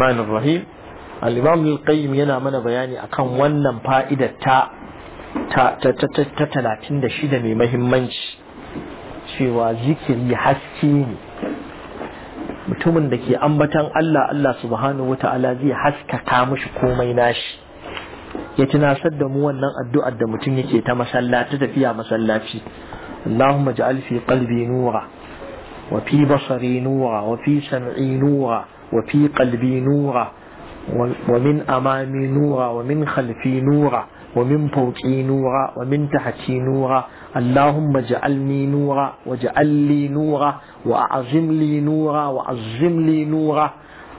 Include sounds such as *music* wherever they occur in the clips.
الرحمن الرحيم الإمام ابن القيم yana mana bayani akan wannan fa'idar ta ta ta ta talatin da shida mai mahimmanci cewa zikiri haske ne mutumin da ke ambatan Allah Allah subhanahu wa ta'ala zai haskaka mashi komai nashi ya tunasar da mu wannan addu'ar da mutum yake ta masallaci tafiya masallaci Allahumma ja'al fi qalbi nura wa fi basari nura wa fi sam'i nura وفي قلبي نورا ومن أمامي نورا ومن خلفي نورا ومن فوقي نورا ومن تحتي نورا اللهم اجعلني نورا واجعل لي نورا وأعظم لي نورا وأعظم لي نورا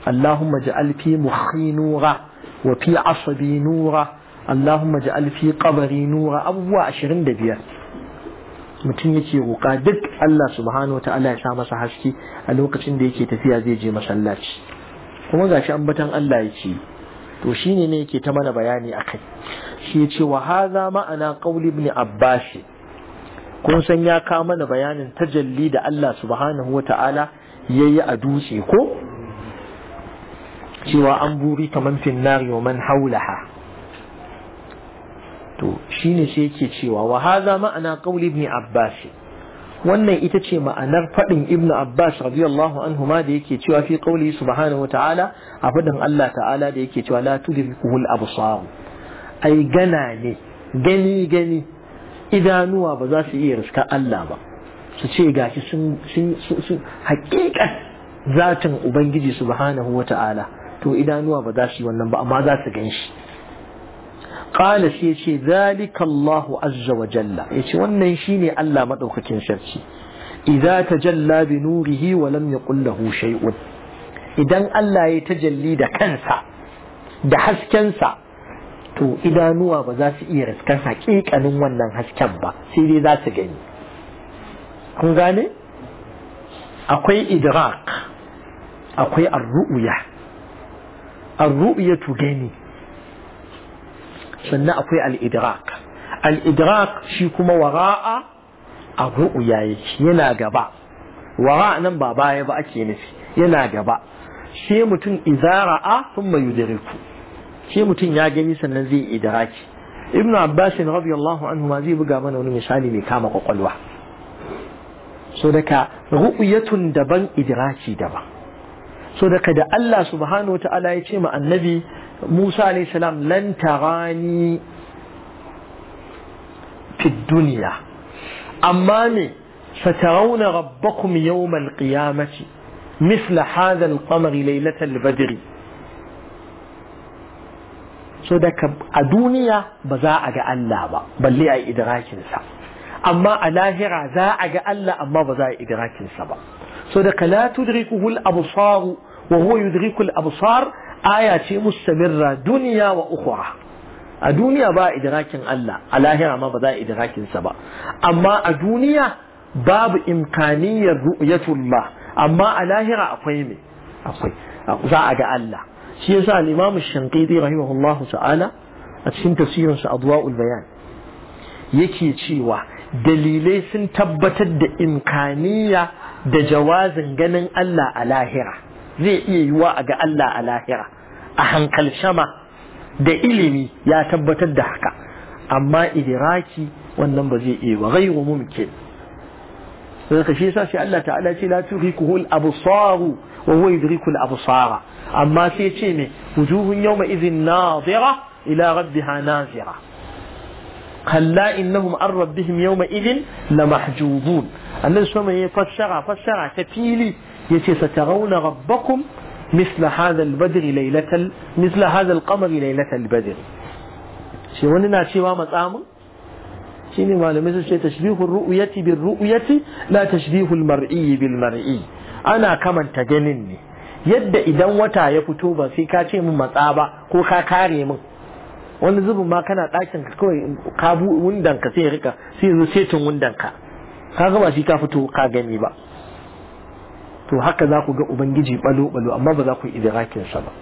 اللهم اجعل في مخي نورا وفي عصبي نورا اللهم اجعل في قبري نورا أبو عشرين دبيا mutum yake roƙa duk Allah subhanahu wa ta'ala ya sa masa haske a lokacin da yake tafiya zai je masallaci kuma gashi ambatan Allah yake to shine ne yake ta mana bayani akai shi yace wa hadha ma'ana qawli ibn abbas kun san ya ka mana bayanin tajalli da Allah subhanahu wata'ala yayi a dutse ko cewa an buri kaman finnari wa man haulaha to shine shi yake cewa wa hadha ma'ana qawli ibn abbas wannan ita ce ma'anar faɗin ibnu abbas radiyallahu anhu ma da yake cewa fi qawli subhanahu wa ta'ala a faɗin allah ta'ala da yake cewa la tudrikuhul absar ai gana ne gani gani idanuwa ba za su iya riska allah ba su ce gashi sun sun sun hakikan zatin ubangiji subhanahu wa ta'ala to idanuwa ba za su yi wannan ba amma za su gan shi qala sai yace "Zalikallahu Allahu azza wa jalla wannan shine Allah madaukakin sarki idza tajalla bi nurihi wa lam yaqul lahu shay'un idan Allah ya tajalli da kansa da haskensa to idanuwa ba za su iya raskan hakikanin wannan hasken ba sai dai za su gani kun gane akwai idrak akwai arru'uya arru'uya tu gani sannan akwai al-idrak al-idrak shi kuma wara'a a ru'uya yake yana gaba wara’a nan ba baya ba ake nufi yana gaba shi mutum izara'a sun mai yudiriku sai mutum ya gani sannan zai idraki ibn abbas radiyallahu anhu ma zai buga mana wani misali mai kama kwakwalwa so daga ru'yatun daban idraki daban so daga da Allah subhanahu wa ta'ala ya ce ma annabi موسى عليه السلام لن تراني في الدنيا أمامي سترون ربكم يوم القيامة مثل هذا القمر ليلة البدر so da a duniya ba za a ga Allah ba balle a yi idrakinsa amma a lahira za a ga Allah amma ba za a yi idrakinsa ba so da la tudrikuhu al-absar wa huwa yudriku al-absar aya ce mustamirra duniya wa ukhra a duniya ba idrakin Allah a lahira ma ba za a idrakin sa ba amma a duniya babu imkaniyar ru'yatullah amma a lahira akwai me akwai za a ga Allah shi yasa al-Imam Shanqidi rahimahullahu ta'ala a cikin tafsirin sa Adwa'ul Bayan yake cewa dalilai sun tabbatar da imkaniya da jawazin ganin Allah a lahira zai iya yiwa a ga Allah a lahira a shama da ilimi ya tabbatar da haka amma idiraki wannan ba zai iya ba ghairu mumkin sai ka shi yasa sai Allah ta'ala ce la tudriku al absar wa huwa yudriku al absara amma sai ce ne wujuhun yawma idhin nadira ila rabbiha nazira kalla innahum an rabbihim yawma idhin lamahjubun annan sama ya fassara fassara ta fili yace satarawna rabbakum مثل هذا البدر ليلة مثل هذا القمر ليلة البدر شي malamai su ce tashbihul ru'yati bil ru'yati la tashbihul mar'i bil mar'i ana kamanta ganin ne yadda idan wata ya fito ba sai ka ce min matsa ba ko ka kare min wani zubin ma kana ɗakin kawai ka bu wundan ka sai rika zo setin wundan ka kaga shi ka fito ka gani ba to haka za ku ga ubangiji balo balo amma ba za ku idrakin sa ba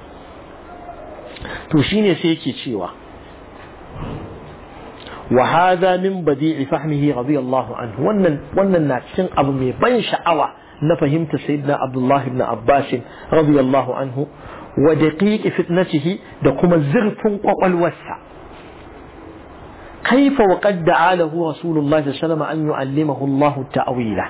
to shine sai yake cewa wa hada min badi'i fahmihi radiyallahu anhu wannan wannan na cikin abu mai ban sha'awa na fahimta sayyidina abdullahi ibn abbas radiyallahu anhu wa daqiqi fitnatihi da kuma zurfin kwakwalwarsa kaifa wa qad da'alahu rasulullahi sallallahu alaihi wasallam an yu'allimahu Allah ta'wila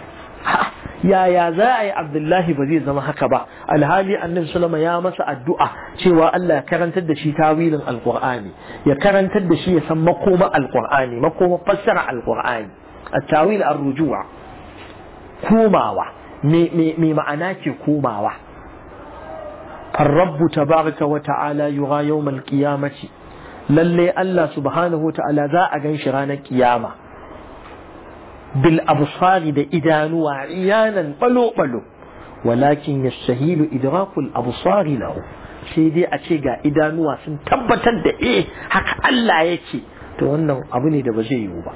يا يا زاي عبد الله بزي زما هكا با الحالي ان النبي صلى الله عليه وسلم يا مسا ادعاء شيوا الله يكرنتد شي تاويل القران يكرنتد شي يسمى مقوم القران مقوم فسر القران التاويل الرجوع كوماوا مي مي مي معناه كوماوا الرب تبارك وتعالى يرى يوم القيامه للي الله سبحانه وتعالى ذا اغن شرانا قيامه bil absari da idanuwa iyanan balo-balo walakin yastahilu idrakul absari lahu sai dai a ce ga idanuwa sun tabbatar da eh haka Allah yake to wannan abu ne da ba zai yiwu ba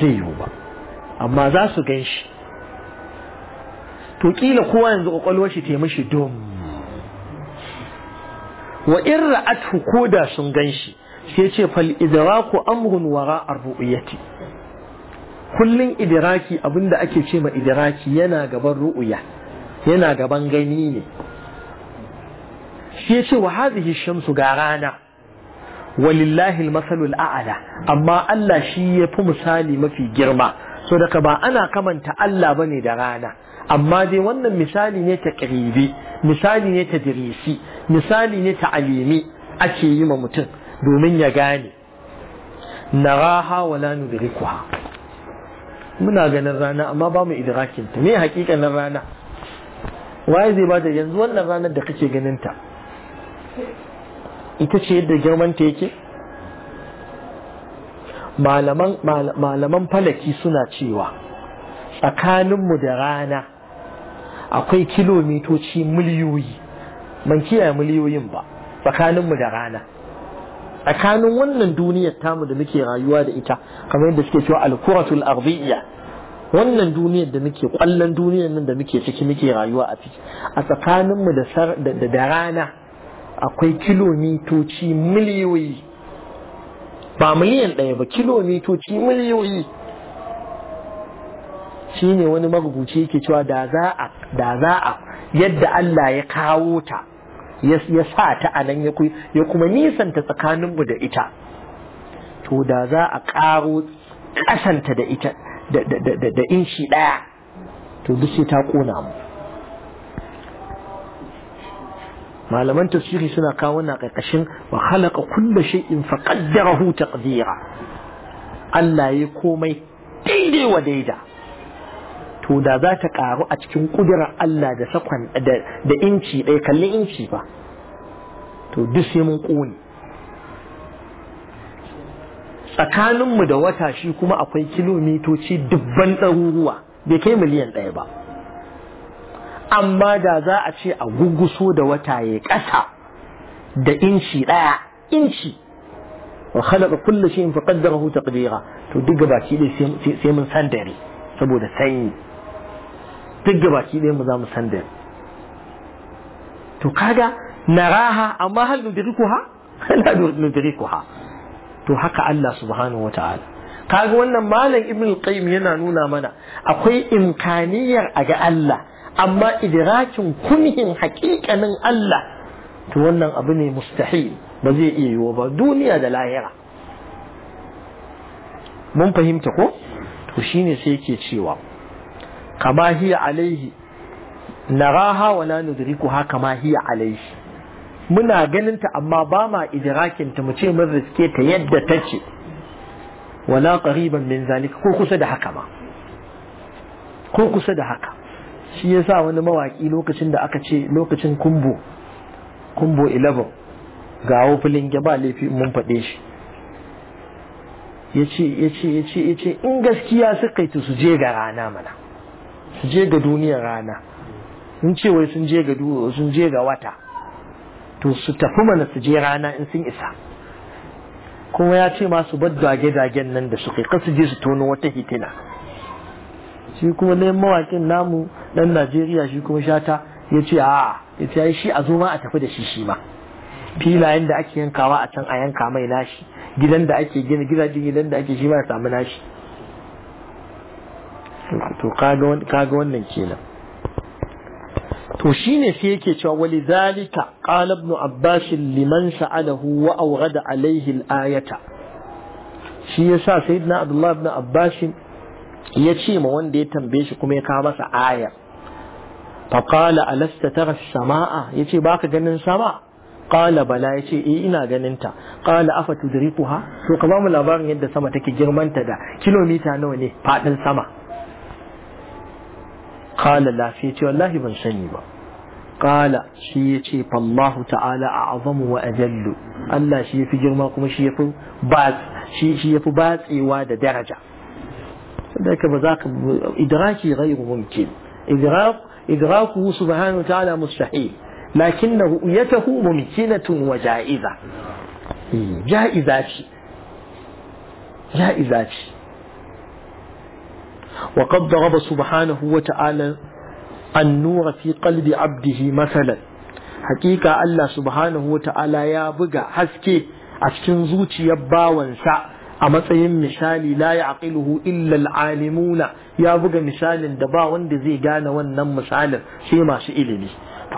zai yiwu ba amma za su gan shi to kila kowa yanzu kwakwalwar shi ta mishi dom wa in ra'atu ko da sun gan shi sai ce fal idraku amrun wara ar-ru'yati kullun idiraki abinda ake ce ma idiraki yana gaban ru'uya yana gaban gani ne shi yace wa hadhihi shamsu ga rana walillahi almasalul a'la amma Allah shi yafi misali mafi girma so daga ba ana kamanta Allah bane da rana amma dai wannan misali ne ta ƙaribi misali ne ta dirisi misali ne ta alimi ake yi ma mutum domin ya gane naraha wala nudrikuha muna ganin rana amma ba mu idrakin ta me hakikanin rana waye zai bada yanzu wannan ranar da kake ganin ta ita ce yadda girman ta yake malaman malaman falaki suna cewa tsakaninmu da rana akwai kilomitoci miliyoyi ban kiyaye miliyoyin ba tsakaninmu da rana tsakanin wannan duniyar tamu da muke rayuwa da ita kamar yadda suke cewa al-kuratul ardiyya wannan duniyar da muke kwallon duniyar nan da muke ciki muke rayuwa a ciki a tsakanin mu da da rana akwai kilomitoci miliyoyi ba miliyan ɗaya ba kilomitoci miliyoyi shine wani marubuci yake cewa da za da za a yadda Allah ya kawo ta ya sa ta nan ya kuma nisanta tsakaninmu da ita to da za a ƙaro ƙasanta da ita da inci ɗaya to duk sai ta ƙona mu malaman tasiri suna kawo na ƙarƙashin wa halaka kulla in fa qaddarahu taqdira Allah ya komai daidai wa daida to da za ta karu a cikin kudurar Allah da sakon da inci ɗaya kalli inci ba to duk sai mun ƙone tsakaninmu da wata shi kuma akwai kilomitoci dubban ɗaruruwa bai kai miliyan ɗaya ba amma da za a ce a guguso da wata ya ƙasa da inci ɗaya inci wa khalaqa kullu shay'in faqaddarahu taqdira to duk gabaki dai sai mun san dare saboda sanyi duk gabaki ɗaya mu za mu san da to kaga na raha amma hal nudrikuha *laughs* ku ha? to haka Allah subhanahu wa ta'ala kaga wannan malam ibn al-qayyim yana nuna mana akwai imkaniyar a ga Allah amma idrakin kunhin haƙiƙanin Allah to wannan abu ne mustahil ba zai iya yiwa ba duniya da lahira mun fahimta ko to shine sai yake cewa kama hiya alaihi naraha wa la ha kama hiya alaihi muna ganin ta amma ba ma idrakin ta mu ce mun riske ta yadda take wala qariban min zalika ko kusa da haka ma ko kusa da haka shi yasa wani mawaki lokacin da aka ce lokacin kumbo kumbo 11 ga wofilin ba laifi mun faɗe shi ya ce ya ce ya ce in gaskiya suka yi su je ga rana mana su je ga duniyar rana sun ce wai sun je ga sun je ga wata to su tafi mana su je rana in sun isa kuma ya ce masu bar dage-dagen nan da suka kasu je su tono wata hitina shi kuma na mawakin namu dan najeriya shi kuma shata ya ce a ya ce shi a zo ma a tafi da shi shi ma filayen da ake yankawa a can a yanka mai nashi gidan da ake gina gidajen gidan da ake shi ma ya samu nashi to kaga wannan kenan to shine sai yake cewa walizalika qala ibn abbas liman sa'alahu wa awghada alayhi al-ayata shi yasa sayyidina abdullah ibn abbas ya ce ma wanda ya tambaye shi kuma ya kawo masa aya faqala alasta tara samaa yace baka ganin sama qala bala yace eh ina ganin ta qala afa tudrikuha to ka ba mu labarin yadda sama take girmanta da kilomita nawa ne fadin sama قال لا سيتي والله بن سني قال شيتي فالله تعالى أعظم وأجل الله شيتي جرما كما سيفي بعد سيفي بعد إيواد درجة ذلك بذاك إدراكي غير ممكن إدراك إدراكه سبحانه وتعالى مستحيل لكن رؤيته ممكنة وجائزة إيه، جائزة جائزة وقد ضرب سبحانه وتعالى النور في قلب عبده مثلا حقيقة الله سبحانه وتعالى يا بقى حسكي أشكن زوتي يبا وانسع أما سيم مثالي لا يعقله إلا العالمون يا بقى مثال دبا وندزي زي قانا ونم مثالا شيء سئلني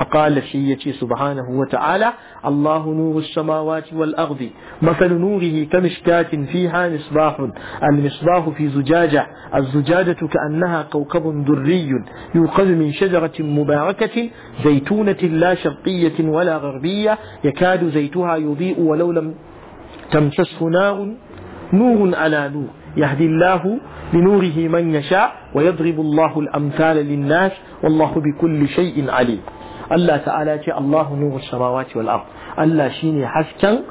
فقال شيء سبحانه وتعالى الله نور السماوات والأرض مثل نوره كمشكاة فيها مصباح المصباح في زجاجة الزجاجة كأنها كوكب دري يوقد من شجرة مباركة زيتونة لا شرقية ولا غربية يكاد زيتها يضيء ولو لم تمسسه نار نور على نور يهدي الله بنوره من يشاء ويضرب الله الأمثال للناس والله بكل شيء عليم Allah ta'ala ce Allahu nuru samawati wal ard Allah shine hasken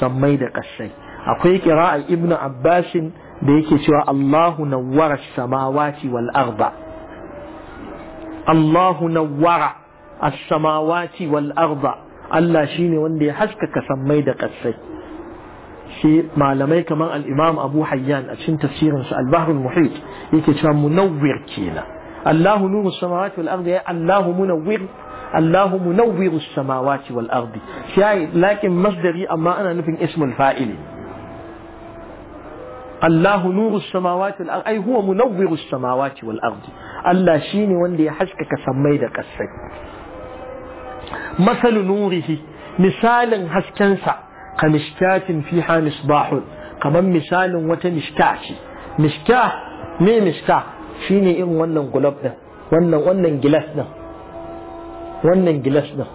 sammai da ƙasai akwai qira'a ibnu abbasin da yake cewa Allahu nawwara samawati wal arda Allahu nawwara as-samawati wal arda Allah shine wanda ya haskaka sammai da ƙasai shi malamai kamar al-Imam Abu Hayyan a cikin tafsirin sa al-Bahr al-Muhit yake cewa munawwir kenan Allahu nuru samawati wal arda ya Allahu munawwir الله منور السماوات والأرض شاي لكن مصدري أما أنا نفن اسم الفائل الله نور السماوات والأرض أي هو منور السماوات والأرض الله شيني وندي حسكك سميدك كسك مثل نوره مثال حسكنسا كمشكات فيها مصباح كمان مثال وتنشكاش مشكاه مين مشكاه شيني إن wannan gulab din wannan جلسنا wannan gilas din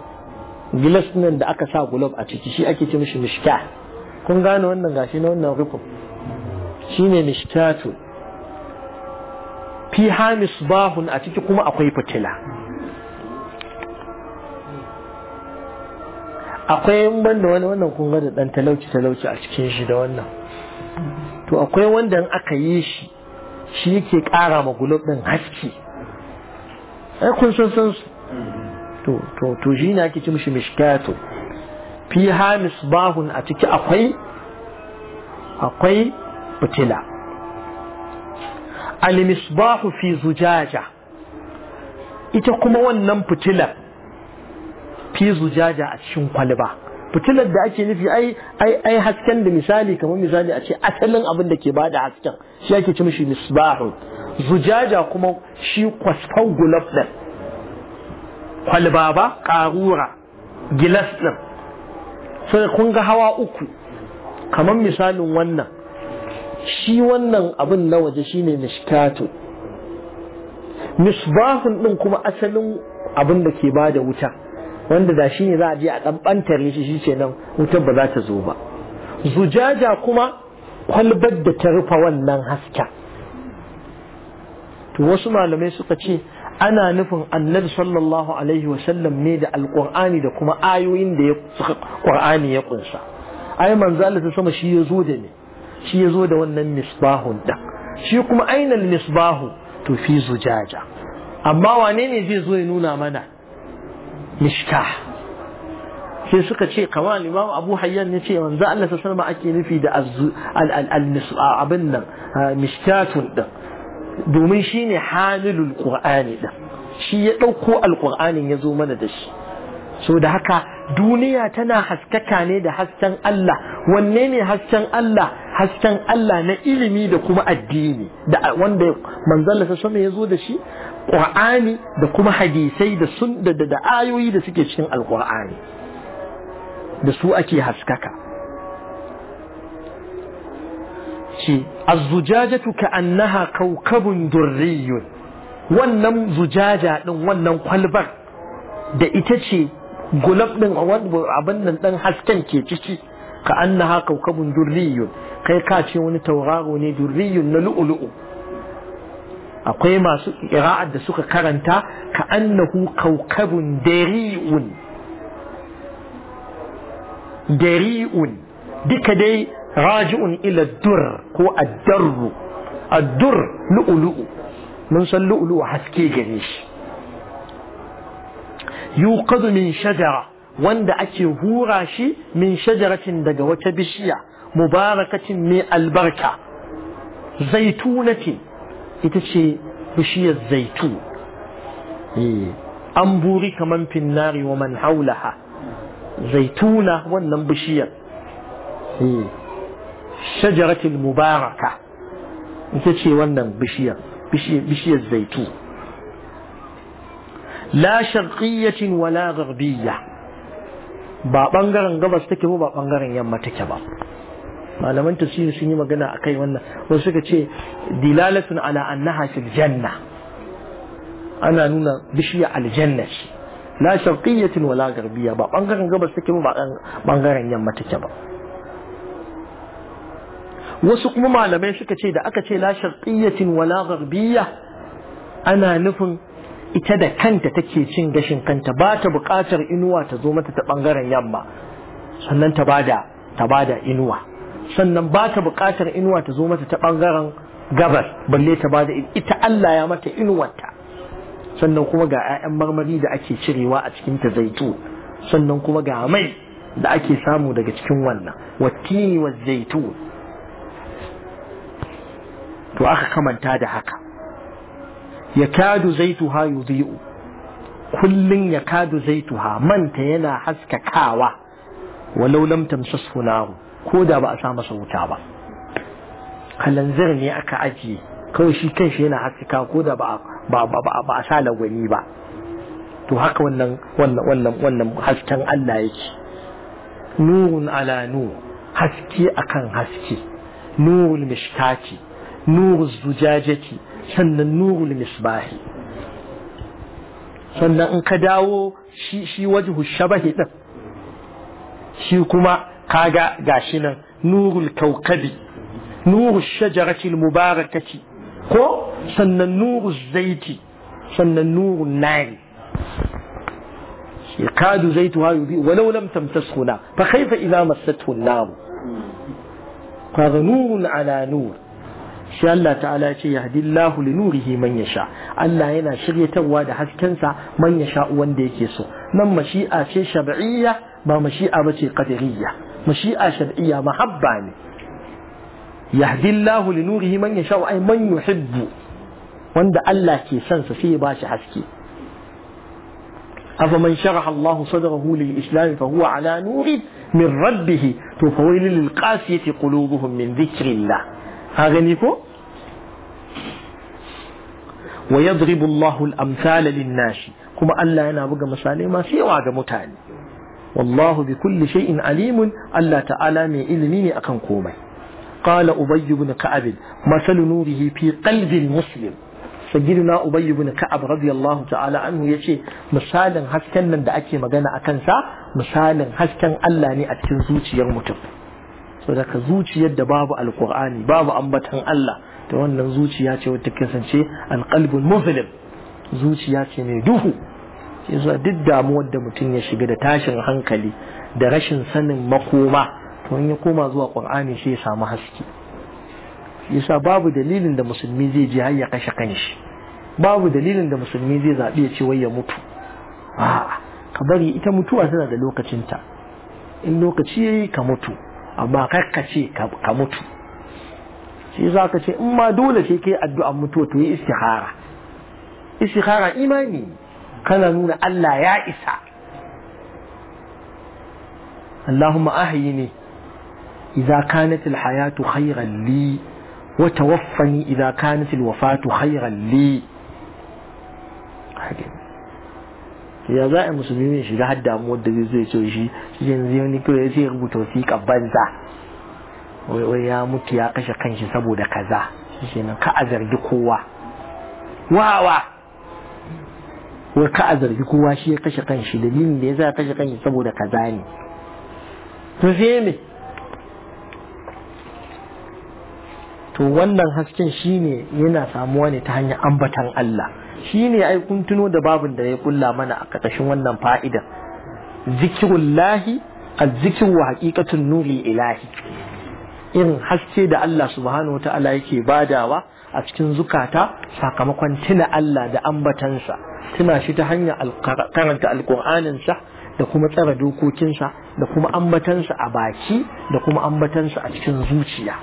gilas nan da aka sa gulob a ciki shi ake ce mishi mishka kun gane wannan gashi na wannan rukun shine mishkatu fi hamis bahun a ciki kuma akwai fitila akwai in banda wani wannan kun ga da dan talauci talauci a cikin shi da wannan to akwai wanda in aka yi shi shi yake kara ma gulob din haske ai kun san san su to to to shi ake ce mishi mishkatu fi ha misbahun a ciki akwai akwai fitila al misbahu fi zujaja ita kuma wannan fitilar fi zujaja a cikin kwalba fitilar da ake nufi ai ai ai hasken da misali kamar misali a ce asalin abin da ke bada hasken shi ake ci mishi misbahun zujaja kuma shi kwasfan gulaf din kwalba ba ƙarura gilas ɗin sai kun ga hawa uku kamar misalin wannan shi wannan abin na waje shine mishkatu misbahun ɗin kuma asalin abin da ke bada wuta wanda da shi ne za a je a ɗanɓantar shi shi ce nan wutar ba za ta zo ba zujaja kuma kwalbar da ta rufa wannan haska to wasu malamai suka ce ana nufin annabi sallallahu alaihi wasallam ne da alƙur'ani da kuma ayoyin da ya suka ƙur'ani ya kunsa ai manzo Allah sama shi ya zo da ne shi ya zo da wannan misbahun da shi kuma ainal misbahu to fi zujaja amma wane ne zai zo ya nuna mana mishka sai suka ce kama imam abu hayyan ya ce manzo Allah sallallahu alaihi ake nufi da al abin nan mishkatun din domin shi ne hamilul ƙur'ani ɗin shi ya ɗauko alƙur'anin ya zo mana da shi so da haka duniya tana haskaka ne da hasken Allah wanne ne hasken Allah hasken Allah na ilimi da kuma addini da wanda manzon Allah sallallahu ya zo da shi Qur'ani da kuma hadisai da sun da da ayoyi da suke cikin alqur'ani da su ake haskaka ce azzujajatu ka annaha kaukabun durriyun wannan zujaja din wannan kwalbar da ita ce gulab din abin nan dan hasken ke ciki ka annaha kaukabun durriyun kai ka ce wani tauraro ne durriyun na lu'ulu'u akwai masu ƙira'ar da suka karanta ka annahu kaukabun dari'un dari'un duka dai راجع إلى الدر هو الدر الدر لؤلؤ من صلى لؤلؤ حسكي جنيش يوقظ من شجرة واند أكي هوراشي من شجرة دقوة بشية مباركة من البركة زيتونة إتشي بشية الزيتون أنبوري إيه. كمان في النار ومن حولها زيتونة ونبشية إيه shajaratul mubaraka ita ce wannan bishiyar bishiyar zaitu la sharqiyyatin wala gharbiyya ba bangaren gabas take ba bangaren yamma take ba malaman sun yi magana akai wannan wasu suka ce dilalatun ala annaha fil janna ana nuna bishiya aljanna ce la wala garbiya. ba bangaren gabas take ba bangaren yamma take ba wasu kuma malamai suka ce da aka ce la sharqiyyatin wala gharbiyya ana nufin ita da kanta take cin gashin kanta ba ta buƙatar inuwa ta zo mata ta bangaren yamma sannan ta bada ta bada inuwa sannan ba ta buƙatar inuwa ta zo mata ta bangaren gabas balle ta bada ita Allah ya mata inuwarta sannan kuma ga 'ya'yan marmari da ake cirewa a cikin ta zaitu sannan kuma ga mai da ake samu daga cikin wannan wattini wa zaitun to aka kamanta da haka yakadu zaituha yudhi'u kullun yakadu kadu zaituha manta yana haskakawa walau lam tamsasu nahu koda ba a sa masa wuta ba kalanzir ne aka ajiye kawai shi kanshi yana haskaka koda ba ba ba ba ba, sa lagwani ba to haka wannan wannan wannan wannan hasken Allah yake nurun ala nur haske akan haske nurul mishkati نور الزجاجة سنة نور المصباح سنة انك داو شي, شي وجه الشبه شي كما كاغا غاشنا نور الكوكب نور الشجرة المباركة كو سنة نور الزيت سنة نور النار يكاد زيتها يضيء ولو لم تمسسه هنا فكيف إذا مسته النار هذا نور على نور sai Allah ta'ala ya ce yahdillahu li nurihi man yasha Allah yana shiryatarwa da hasken sa man yasha wanda yake so nan mashi'a ce shar'iyya ba mashi'a bace qadariyya mashi'a shar'iyya mahabba ne yahdillahu li nurihi man yasha ay man yuhibbu wanda Allah ke son sa sai ya shi haske afa man أفمن شرح الله صدره للإسلام فهو على نور من ربه فويل للقاسية qasiyati qulubuhum min dhikrillah أغنيكو ويضرب الله الأمثال للناس كما ألا أنا بقى مسالي ما سيوا متاني والله بكل شيء عليم ألا تعالى من إلمين أكن كومي قال أبي بن كعب مثل نوره في قلب المسلم سجلنا أبي بن كعب رضي الله تعالى عنه يشي مثالا هسكن من دا أكي مغانا أكنسا مثالا هسكن ألا ني أتكن زوتي يوم تب so zuciyar da babu alkur'ani babu ambatan Allah to wannan zuciya ce wata kasance alqalbul muslim zuciya ce mai duhu yasa duk damuwar da mutum ya shiga da tashin hankali da rashin sanin makoma to in ya koma zuwa qur'ani shi ya samu haske yasa babu dalilin da musulmi zai je har ya kashe shi babu dalilin da musulmi zai zaɓi ya ce wai ya mutu a'a ka bari ita mutuwa tana da lokacinta in lokaci yayi ka mutu amma kai ka ce ka mutu shi za ka ce in ma dole shi ke addu'a mutu to yi istihara istihara imani kana nuna Allah ya isa Allahumma ahyini idza kanat alhayatu khayran li wa tawaffani idza kanat alwafatu khayran li ya za a musulmi ne shiga har damuwar da zai zai ce shi yanzu yau ni kawai sai rubuta wasiƙa banza wai wai ya mutu ya kashe kanshi saboda kaza shi nan ka a zargi kowa wawa wai ka a zargi kowa shi ya kashe kanshi dalilin da ya za a kashe kanshi saboda kaza ne to sai me to wannan hasken shi ne yana samuwa ne ta hanyar ambatan Allah shine ai kun tuno da babin da ya kulla mana a ƙarƙashin wannan fa'ida zikirullahi zikin wa haqiqatun nuri ilahi irin haske da Allah subhanahu wataala yake badawa a cikin zukata sakamakon tuna Allah da ambatansa tuna shi ta hanyar karanta alƙur'aninsa da kuma tsara dokokinsa da kuma ambatansa a baki da kuma ambatansa a cikin zuciya